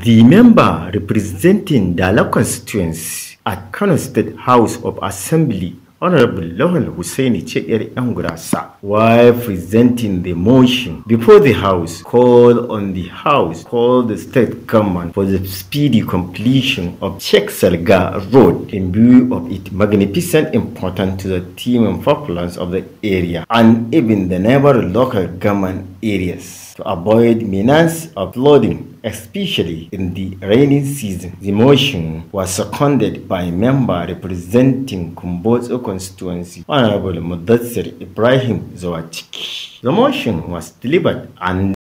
The member representing Dala constituency at Kano State House of Assembly, Honorable Lawal Hussaini Chekere Angurasa, while presenting the motion before the House, called on the House, called the state government for the speedy completion of Chekselga Road in view of its magnificent importance to the team and populace of the area and even the neighboring local government areas to avoid menace of flooding especially in the rainy season. The motion was seconded by a member representing Kumbotso constituency, Honorable Mudassir Ibrahim Zawatiki. The motion was delivered and